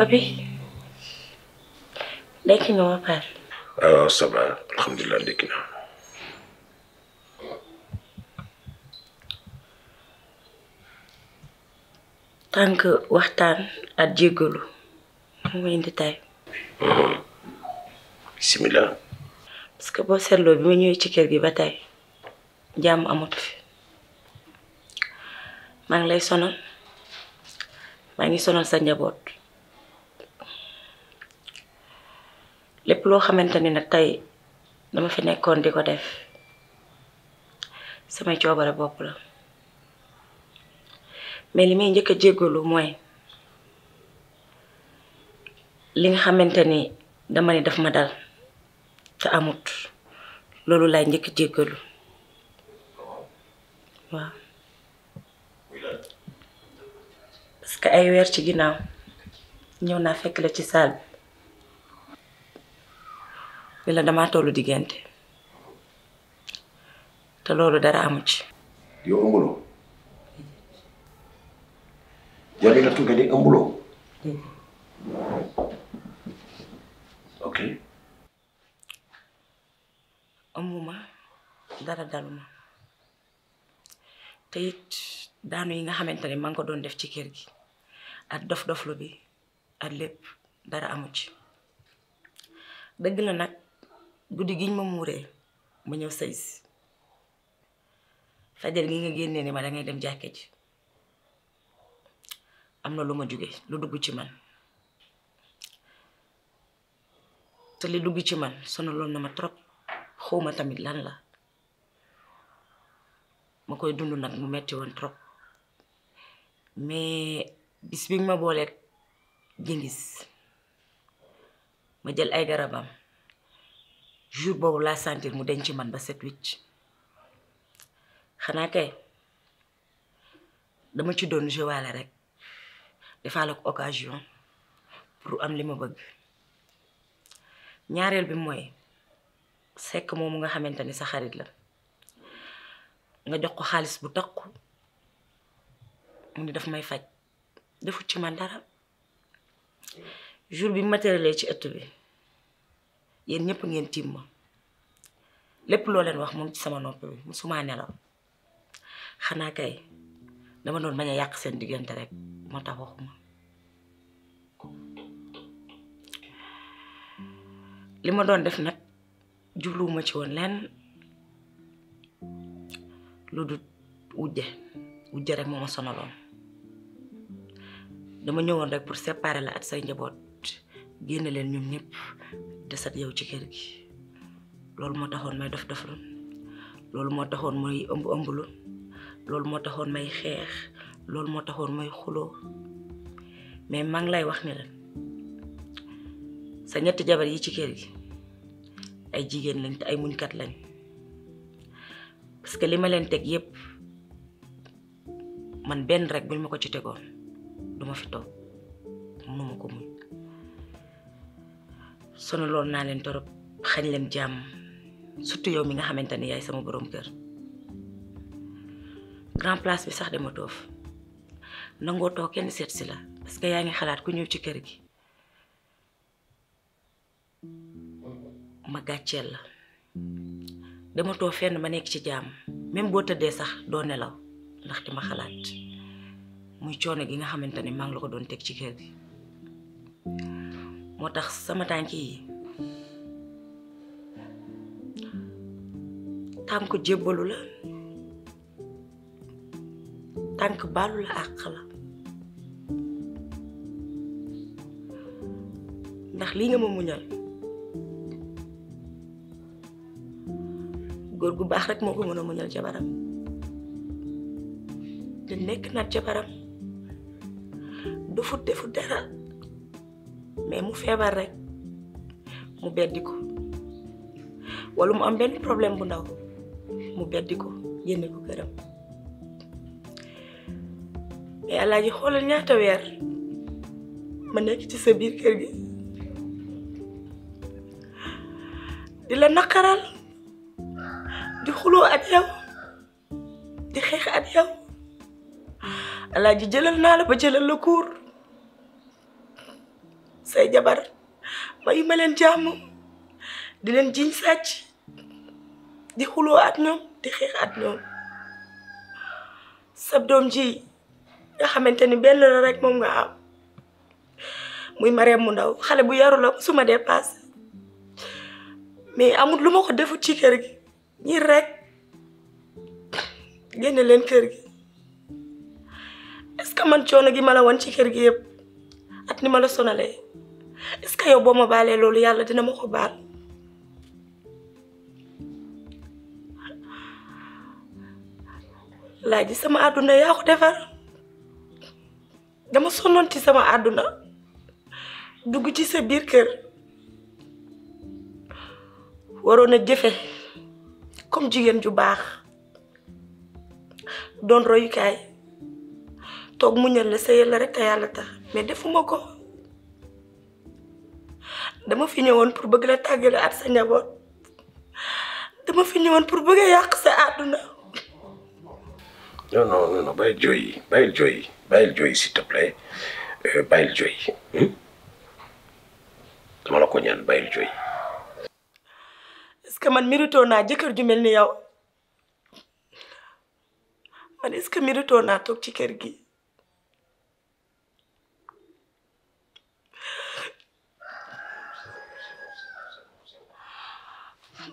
papi ndekki nga ma pare. waaw ah, ça va alhamdulilah ndekki naa. tànk waxtaan ak jéggalu mu indi tay. Hmm. bisimilah. parce que boo seetloo bi ma ñëwee ci kër gi ba tey jàmm amatu fi maa ngi lay sonal maa ngi sonal sa njaboot. lépp loo xamante ni nag tey dama fi nekkoon di ko def samay coobare bopp la mais li may njëkk a jéggalu mooy li nga xamante ni dama ne daf ma dal te amut loolu laay njëkk jéggalu waaw parce que ay weer ci ginnaaw ñëw naa fekk la ci saal bi la damaa tollu diggante te loolu dara amu ci. yow ëmbuloo jarutatu dara daluma te it daanu yi nga xamante ne maa ngi ko doon def ci kër gi ak dof-doflu bi ak lépp dara amu ci nag. guddi giñ ma muuree ma ñëw sëy si fajar gi nga génnee ni ma dangay dem jàkke ji am na lu ma jóge lu dugg ci man te li dugg ci man sonaloon na ma trop xawma tamit lan la ma koy dund nag mu metti woon trop mais bis bi ma booleeg jingis ma jël ay garabam jour boobu laa sentir mu denc man ba set wicc xanaa kay dama ci doon jouer rek defaale ko occasion pour am li ma bëgg ñaareel bi mooy sekk moomu nga xamante ni sa xarit la nga jox ko xaalis bu takku mu ni daf may faj defu ci man dara jour bi ma ci ëtt bi yéen ñëpp ngeen tiim ma lépp loo leen wax moom sama nopp bi musuma nelaw xanaa kay dama doon bañ a yàq seen diggante rek moo tax waxuma li ma doon def nag jubluwuma ci woon lenn lu dul wujje wujje rek moo ma sonaloon dama ñëwoon rek pour séparer la ak say njaboot génn leen ñoom ñëpp desat yow ci kër gi loolu moo taxoon may dof dof loolu moo taxoon may ëmb ëmblu loolu moo taxoon may xeex loolu moo taxoon may xuloo mais maa ngi lay wax ni leen sa ñetti jabar yi ci kër gi ay jigéen lañ te ay muñkat lañ parce que li ma leen teg yépp man benn rek buñ ma ko ci tegoon duma fi toog mënuma ko muñ sonaloon naa leen torop xañ leen jàmm surtout yow mi nga xamante ni yaay sama boroom kër grand place bi sax dama toof nangoo too kenn seet si la parce que yaa ngi xalaat ku ñëw ci kër gi ma gàcceel la dama too fenn ma nekk ci jàmm même boo tëddee sax doo nelaw ndax di ma xalaat muy coono gi nga xamante ni maa ngi la ko doon teg ci kër gi moo tax sama tànk yi tànk jébbalu la tànk balu la àq la ndax lii nga ma muñal góor gu baax rek moo ko mën a muñal jabaram te nekk nag jabaram du fut defu dara mais mu feebar rek mu beddi walla mu am benn problème bu ndaw mu beddi ko génne ko këram mais Alaaji xoolal ñaata weer ma nekk ci sa biir kër gi di la naqaral di xuloo ak yow di xeex ak yow Alaaji jëlal naa la ba jëlal la kuur say jabar mayu ma leen jàmm di leen jiñ sàcc di xuloo at ñoom di xeex at ñoom sab doom ji nga xamante ni benn la rek moom nga am muy mareem mu ndaw xale bu yaru la suma dépassé mais amut lu ma ko defu ci kër gi ñi rek génne leen kër gi est-ce que man coono gi ma la woon ci kër gi yëpp at ni ma la sonale que boo ma baalee loolu yàlla dina ma ko baal laa ji sama àdduna yaa ko defar dama sonnoon ci sama àdduna dugg ci sa biir kër waroon a jëfe comme jigéen ju baax doon royukaay toog muñal la sëyal la rek te yàlla tax mais defuma ko dama fi ñëwoon pour bëgg la tàggale at sa njaboot dama fi ñëwoon pour bëgg a yàq sa àdduna. non non non bàyyil jooy bàyyil jooy bàyyil jooy s'il te plaît euh, bàyyil hmm? dama la ko ñaan bàyyil jooy. est-ce que man méritoo naa jëkkër ju mel ni yow man est-ce que méritoo naa toog ci kër gi.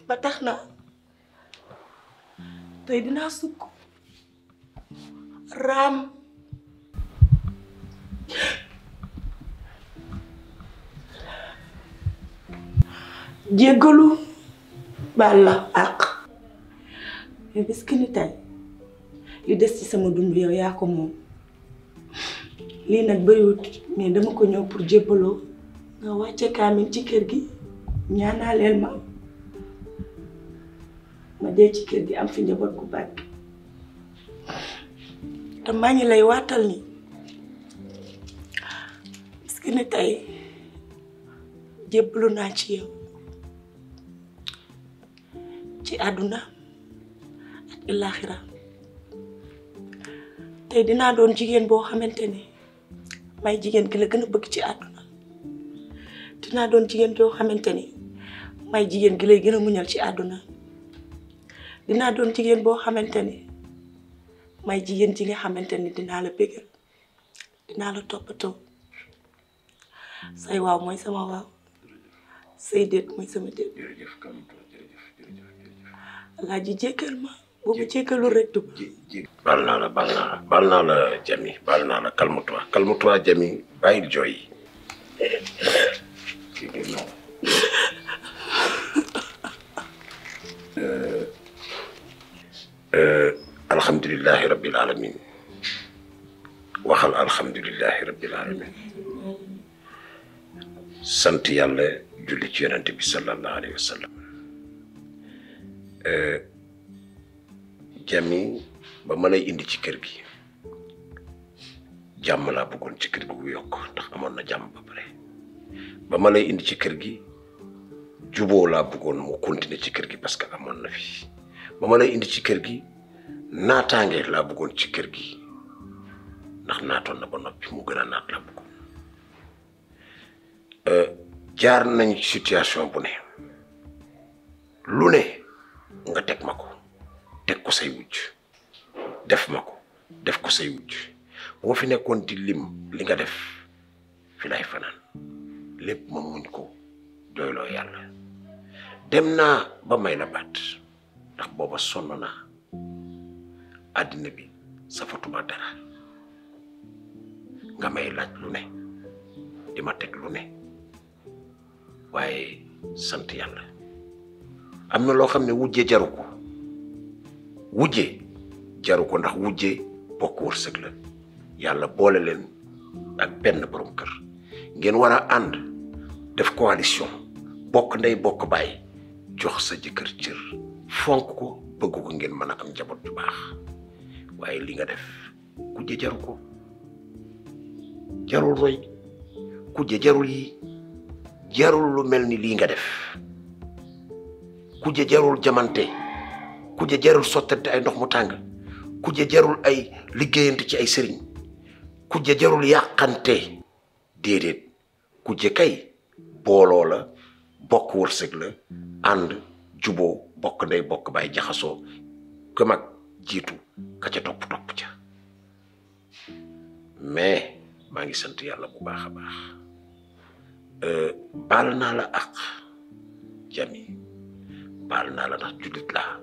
ba tax na tey dinaa sukk raam jéggalu baal la àq mais bis ki li des ci sama dund yow yaa ko moom lii nag bëriwut mais dama ko ñëw pour jébbaloo nga wàcce kaamil ci kër gi ñaanaleel ma ma dee ci kër gi am fi njaboot gu bari te maa ngi lay waatal ni parce que ne tey jébbalu naa ci yow ci àdduna ak illaaxira tey dinaa doon jigéen boo xamante ni may jigéen ki la gën a bëgg ci àdduna dinaa doon jigéen boo xamante ni may jigéen gi lay gën a muñal ci àdduna dinaa doon jigéen boo xamante ni may jigéen ji nga xamante ni dinaa la bégal dinaa la toppatoo say waaw mooy sama waaw say déet mooy sama déet laa ji jéggal ma bu ma jéggalul rek naa la baal naa la Jami baal naa la calme toi Jami bàyyil jooy Eh, alhamdulilahi rabbil alamin waxal alhamdulilahi rabbil alamin sant yàlla julli ci yonente bi sallallahu alayhi wa eh, jami ba ma indi ci kër gi jàmm laa bëggoon ci kër gi bu yokk ndax amoon na jàmm ba pare ba ma indi ci kër gi juboo laa bëggoon mu continuer ci kër gi parce que amoon na fi ba ma indi ci kër gi naataange laa bëggoon ci kër gi ndax naatoon na ba noppi mu gën a naat laa bëggoon euh, jaar nañ ci situation bu ne lu ne nga teg ma ko teg ko say def ma ko def ko say boo fi nekkoon di lim li nga def fi lay fanaan lépp ma muñ ko doyloo yàlla dem naa ba may la baat ndax booba sonn naa àddina bi safatuma dara nga may laaj lu ne di ma teg lu ne waaye sant yàlla am na loo xam ne wujje jaru ko wujje jaru ko ndax wujje bokk wërsëg la yàlla boole leen ak benn borom kër ngeen war a ànd def coalition bokk ndey bokk bàyyi jox sa jëkkër cër fonk ko bëgg ngeen mën a am njaboot bu baax waaye li nga def kujje jaru ko jarul roy kujje jarul yi jarul lu mel ni lii nga def kujje jarul jamante kujje jarul sottante ay ndox mu tàng kujje jarul ay liggéeyante ci ay sëriñ kujje jarul yàqante déedéet kujje kay booloo la bokk wërsëg la ànd jubo bokk ndey bokk baay jaxasoo ka mag jiitu ka ca topp topp ca mais maa ngi sant yàlla bu baax a baax euh, bal naa la àq jami baal naa la ndax jullit laa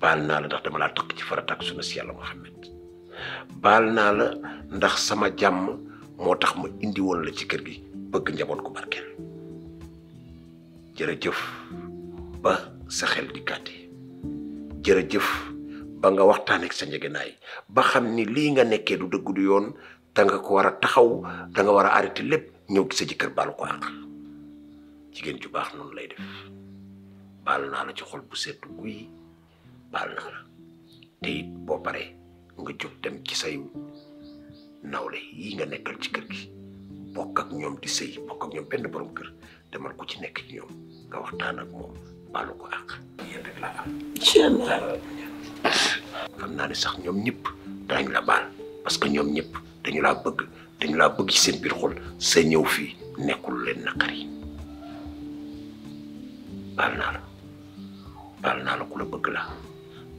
baal naa la ndax laa takk ci farataak suna si yàlla Muhammad baal naa la ndax sama jàmm moo tax ma indi la ci kër gi bëgg njaboot ku barkeel jërëjëf ba sa xel di kàtti jërëjëf ba nga waxtaan ak sa njëgënaay ba xam ni lii nga nekkee du dëgg du yoon da nga ko war a taxaw danga war a arrêté lépp ñëw ci sa jëkkër ko jigéen ju baax noonu lay baal naa la ci xol bu sedd guy baal naa la te it boo paree nga jóg dem ci say nawle yii nga nekkal ci kër gi bokk ak ñoom di sëy bokk ak ñoom benn borom kër demal ko ci nekk ci ñoom nga waxtaan ak moom baalu ko àq. yéen am. incha naa ne sax ñoom ñëpp daañu la baal parce que ñoom ñëpp dañu la bëgg dañu laa bëgg ci seen biir xol sa ñëw fii nekkul leen naqari baal naa la baal naa la ku bëgg la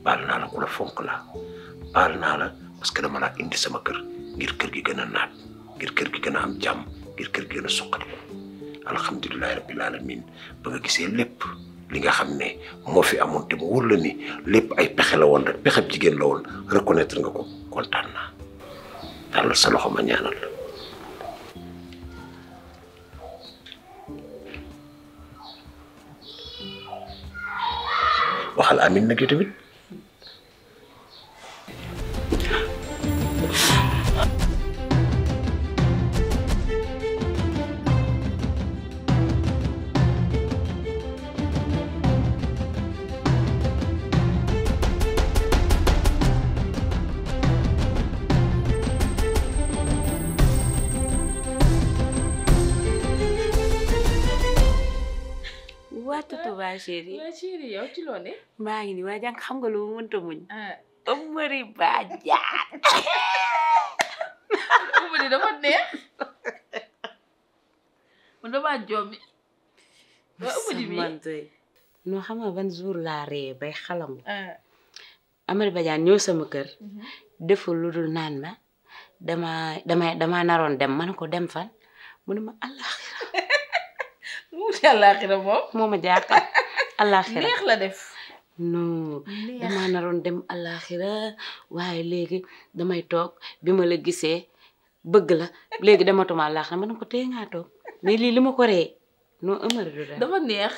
baal naa la ku la fonk la baal naa la parce que dama laa indi sama kër ngir kër gi gën a naat ngir kër gi gën a am jàmm ngir kër gi gën a suqaliku alhamdulilahi rabbil alamin ba nga gisee lépp li nga xam ne moo fi amoon te mu ni lépp ay pexe la woon rek pexe jigéen la woon reconnaître nga ko kontaan naa tàllal sa loxo ma ñaanal waxal amin nag yow tamit. chérie. waaw maa ngi nii waaye jàng xam nga lu mu mënta muñ. Omary Badiane. Omary dafa neex. man damaa xam nga ah. kër. Mhm. deful lu dul naan ma dama dama dama naroon dem man ko dem fan mu ne ma àllaaxira. moom moo àllaaxira neex la def. non damaa naroon dem àllaaxira waaye léegi damay toog bi ma la gisee bëgg la léegi dematuma àllaaxira man ko tey ngaa toog mais lii li ma ko ree dama neex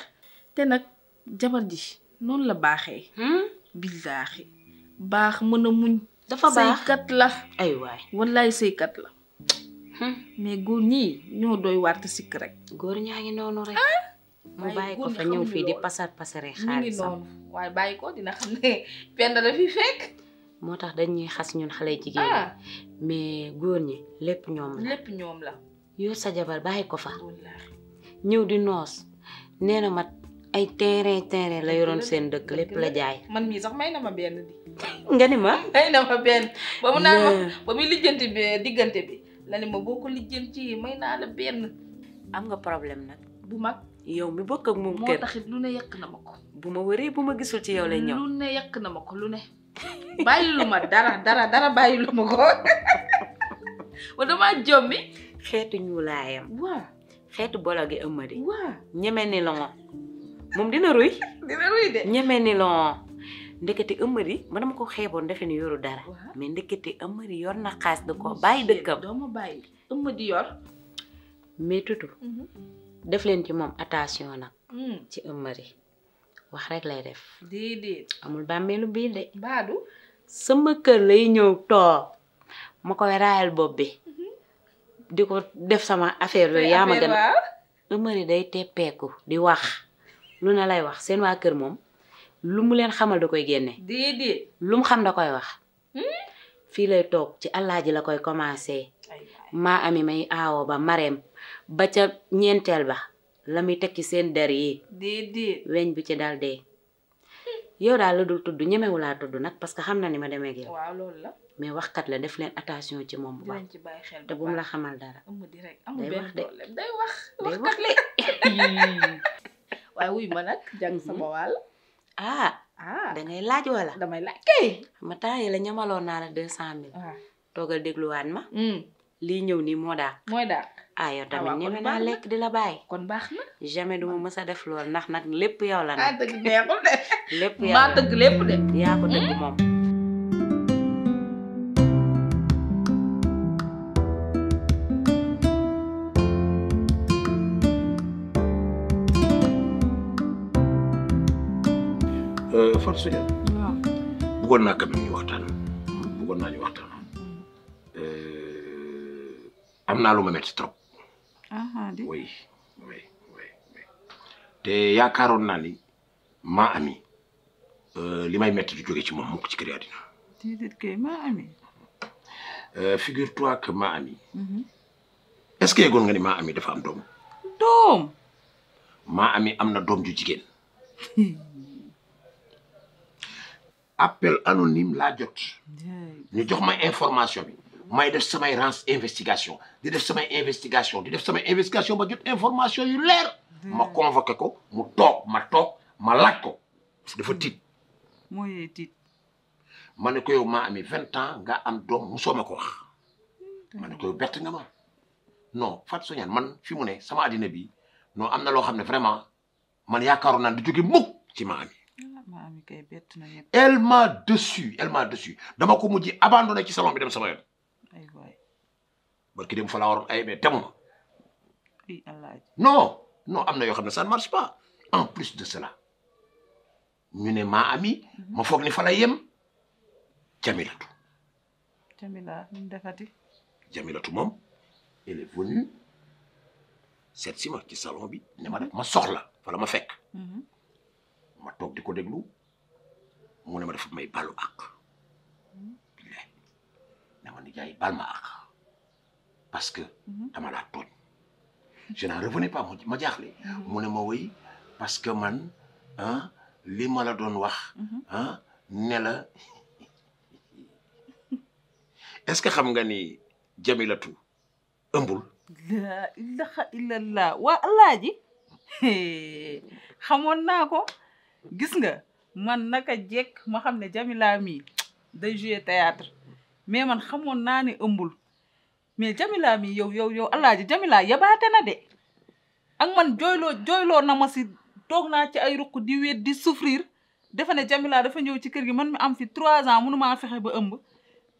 te nag jabar ji noonu la baaxee. Hmm? billaahi baax mën a muñ. dafa baax la ay waay wallaay saykat la. Hmm? mais góor ñii ñoo dooy waar sikk rek. góor ñaa ngi noonu rek. Ah? mu bàyyi ko fa ñëw fii di pasar pasare xaalisam waaye bàyyi ko dina xam ne penda la fi fekk moo tax dañuy xas ñun xale jigéen ah. mais góor ñi lépp ñoom la lépp ñoom la yow sa jabar bàyyi ko fa ñëw di noos neena na ma ay terrain terrain la yoroon seen dëkk lépp la jaay man mii sax may na ma benn di nga ni ma may na ma benn ba mu naan ma ba muy lijjanti bi diggante bi la ni ma boo ko ci may naa la benn am nga problème nag bu mag yow mi bokk ak moom kër moo taxit lu ne yàq na ma ko. bu ma wëree bu ma gisul ci yow lay ñëw. lu ne yàq na ma lu ne. ma dara dara dara bàyyi lu ma ko. wa damaa jommi. xeetu ñuulaayam. waaw xeetu bolo gi ëmma di. ñeme ni lon moom dina ruy. dina ruy de. ñeme ni lon ndekete ëmmari ma dama ko xeeboon defe ni yoru dara. mais ndekete ëmmari yor na xaas da ko bàyyi dëkkam. doo ma bàyyi ëmmadi yor. mais def leen ci moom attention nag. Hmm. ci ëmmëri wax rek lay def. déedéet amul bàmmeelu biir de. baadu sama kër lay ñëw toog ma koy raayal bopp bi hmm. di ko def sama affaire yooyu yaa ma gën a. day teppeeku di wax lu ne lay wax seen waa kër moom lu mu leen xamal da koy génne. déedéet lu xam da koy wax. Hmm. fii lay toog ci àllaaji la koy commencé. maa ami may aawoo ba mareem. ba ca ñeenteel ba la muy tekki seen der yi. déedéet weñ bu ci daal dee. yow daal la dul tudd ñemewu laa tudd nag parce que xam na ni ma demee ak yow. waaw loolu la. mais waxkat la def leen attention ci moom bu baax. te bu mu la xamal dara. day wax de day wax waxkat la. waaye wuy ma nag jàng sama mm-hmm. wàll. ah. ah da ngay laaj wala. damay laaj kay. ma temps la ñamaloon naa la deux cent mille. Ah. toogal dégluwaat ma. Mm. lii ñëw nii moo dàq. mooy dàq ah yow tamit ñeme ah, naa lekk di la bàyyi. kon baax na jamais du ma def loolu ndax nag lépp yow la ah, nag. tëgg lépp de. yaa ko tëgg hmm? moom. Euh, Fatou naa quand même waxtaan. bëggoon naa ñu waxtaan. am naa lu ma métti trop. ah te yaakaaroon naa ni maa ami euh, li may métti du jóge ci moom mukk ci kër àddina. déedéet kay maa ami. Euh, figure toi que maa ami. Mhm. est-ce que yeggoon nga ni maa ami dafa am doom. doom. ami am na doom ju jigéen. appel anonyme laa jot. ñu jox ma information bi. may def samay rance investigation di def samay investigation di def samay investigation ba jot information yu leer hmm. ma convoqué ko mu toog ma toog ma laaj ko parce que dafa tiit hmm. mooy tiit ma ne ko maa amee vingt ans nga am doom mu sooma ko wax ma ne ko yow bett nga ma non Fatou Sognane man fi mu ne sama addina bi non am na loo xam ne vraiment man yaakaaroon na di jóge mukk ci maa ami elle m'a déçu elle m'a déçu dama ko mujj abandonné ci salon bi dem sama yoon ay waay barki dem fa laa waroon ay mais non non am na yoo xam ne ça ne marche pas en plus de cela ñu ne maa ami mhm. ma foog ni fa la yem jamilatu jamila ñu jamilatu moom elle est venue ma ci salon bi ne ma ma soxla fa ma fekk mhm. ma toog di ko déglu mu ne ma dafa may bàllu ak sama nijaay bal ma àq parce que mhm. dama tooñ je n'en revenais pas ma jaaxle mhm. mu ne ma woy parce que man ah li ma doon wax ah est-ce que xam nga ni jamilatu ëmbul laa ilaha illallah waa alaaji xamoon naa ko gis nga man naka jekk ma xam ne jamila mii day jouer théâtre mais man xamoon naa ne ëmbul mais Jamila mi yow yow yow Alaaji Jamila yabaate na de ak man jooyloo jooyloo na ma si toog naa ci ay ruq di wéet di souffrir defe ne Jamila dafa ñëw ci kër gi man mi am fi trois ans mënu maa fexe ba ëmb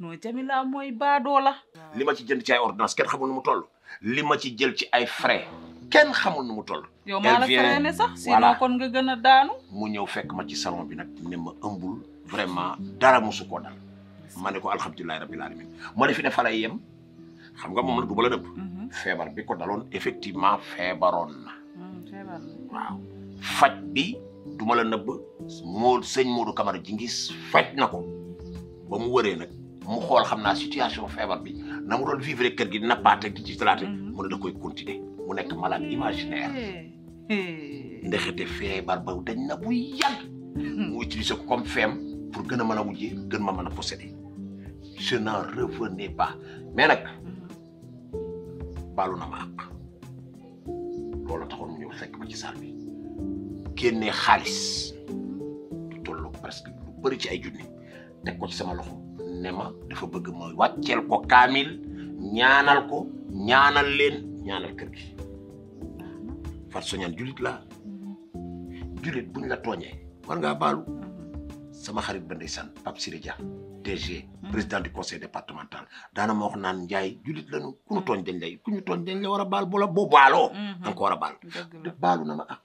non Jamila mooy baadoo la. li ma ci jël ci ay ordonnance kenn xamul nu mu toll li ma ci jël ci ay frais kenn xamul nu mu toll. yow maa la freiné sax sinon kon nga gën a daanu. ñëw fekk ma ci salon bi nag ne ma ëmbul vraiment dara mosu koo dal. ma ne ko alhamdulilahi rabbil alamin ma defi ne fa yem xam nga moom la du ma la dëpp mhm. feebar bi ko daloon effectivement feebaroon na hmm, waaw faj bi du ma la nëbb moo sëñ Modou Jingis faj na ko ba mu wëree nag mu xool xam naa situation feebar bi na mu doon vivre kër gi nappaate di ci talaate mhm. mu ne da koy continuer mu nekk malade imaginaire ndexete feebar ba dañ na bu yàgg hmm. mu utiliser ko comme feem pour gën a mën a wujjee gën ma mën a posséder je n'en revenais pas mais nag mhm. baalu na ma àq loolu taxoon mu ñëw fekk ma ci saal bi génnee xaalis du mhm. tolloo lu bëri ci ay junni teg ko ci sama loxo ne ma dafa bëgg ma wàcceel ko kaamil ñaanal ko ñaanal leen ñaanal kër gi far soñaan julit laa mhm. julit buñ la tooñee war ngaa baalu sama xarit ba ndeysaan Pape Siré Dia DG président du conseil départemental daana ma naan Ndiaye jullit lañu ku ñu tooñ dañ lay ku ñu tooñ dañ la war a baal bu la boo baaloo mhm. da nga war a baal te baalu na ma ak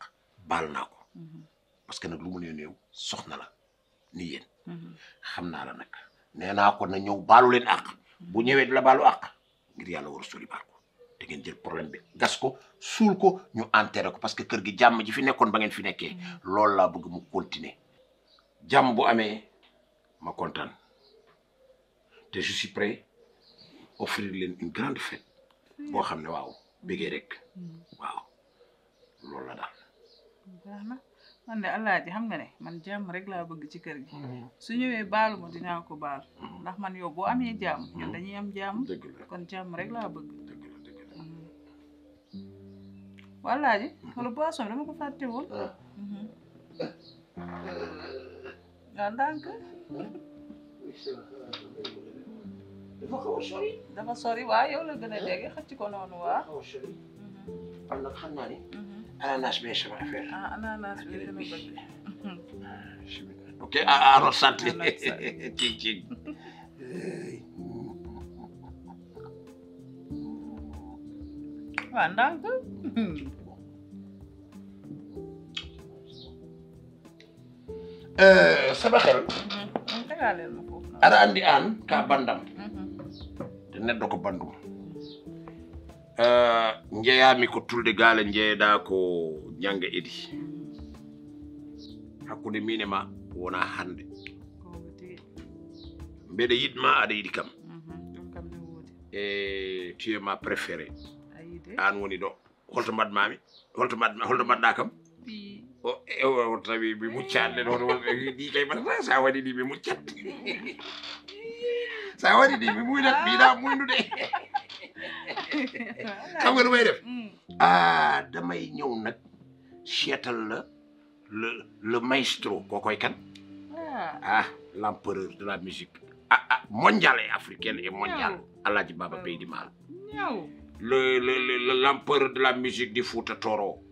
baal naa ko mhm. parce que nag lu mu nee néew soxna la ni yéen mhm. xam naa la nag nee naa ko na ñëw baalu leen ak bu ñëwee la baalu ak ngir yàlla war a suuli baal ko da ngeen jël problème bi gas ko suul ko ñu enterré ko parce que kër gi jàmm ji fi nekkoon ba ngeen fi nekkee loolu laa bëgg mu continuer jàmm bu amee te je suis offrir leen une grande fête boo xam ne waaw bëggee rek hmm. waaw la daal. na man de Alaaji xam nga ne man jàmm rek laa bëgg ci kër gi. Hmm. su ñëwee baalu ma dinaa ko baal. Hmm. ndax man yow boo amee jàmm. ñun dañuy am jàmm. kon jàmm rek laa bëgg. dëgg la dëgg la. dama ko fàtte woon. Ah. waaw ndànk. dafa xaw a sori. dafa sori waaw yow noonu waaw. dafa xaw a sori. kon mhm. bee sama affaire. ah ananas bi dama bëgg. ok ah alors sant. cig ara andi aan ka bandam. Mhm. te neɗɗo ko banndum euh, jeeyami ko tulde gaala jeeyɗa ko ñanga idi hakkunde min e ma wona hannde mbeɗa yiɗma aɗa yiɗi kam e tuye ma préféré an woni ɗo holto mbaɗmami holto mbaɗ holto mbaɗɗa kam o e, tawi mi muccanɗen hoto ɗi kay mbaɗata sa waɗi ɗi mi muccat saa wari di mi muy nag bii daa muy nu de xam nga nu may def mm. ah damay ñëw nag seetal la le le maestro kookoy kan ah, ah l'empereur de la musique ah ah mondiale et africaine et mondiale Alaaji Baba Bey di Maal le le l'empereur de la musique di Fouta Toro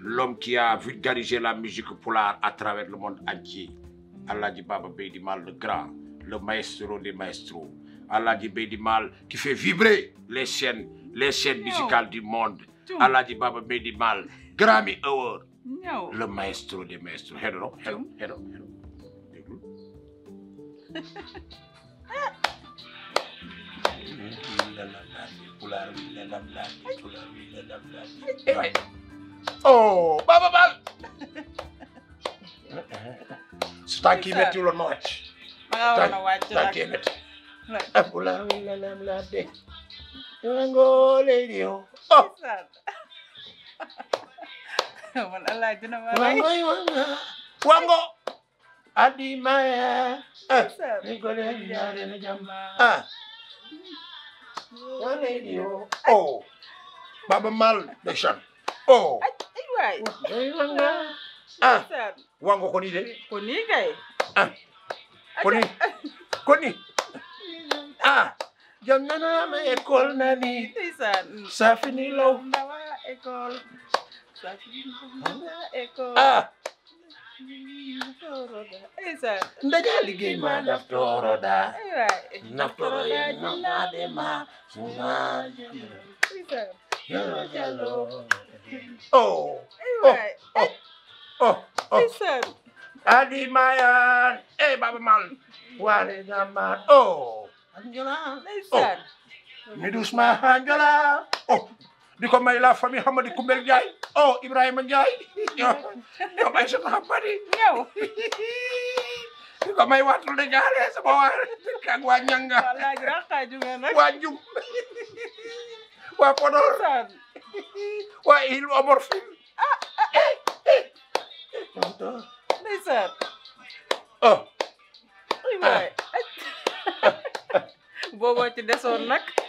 l'homme qui a vulgarisé la musique pulaar à travers le monde entier Alaaji Baba Bey di Maal le grand le maestro des maestros, Aladi Bedimal, qui fait vibrer les scènes, les scènes musicales du monde. Aladi Baba Bedimal, Grammy Award, le maestro des maestros. Hello, hello, hello, hello. Oh, Baba Bal! tànkee métti abula wala lam la de mango lady o man allah jina ma mango wango adi ni gole ah lady o oh baba mal de chan oh ay ko ah, ni de ko ni kay ah kuni kuni ah jam ma école nani safini law ah ndaja liggéey ma naftoro da naftoro ye mamade ma suma jalo jalo oh oh oh oh Adi Mayan eh Baba Man waale zaman oh. Anjola ndeysaan. Oh. mi doucement Anjola oh di ko may la famille Hamadi Kumbel Ndiaye oh Ibrahima Ndiaye ñoo bay sa Hamadi ñëw di ko may waatul de jaaree sama waa dëkk ak waa Ñanga waa Njum waa Podor waa Île Omar Fil ah ah, ah. Eh, eh. ndeysaan oh. waay ah. ci desoon nag.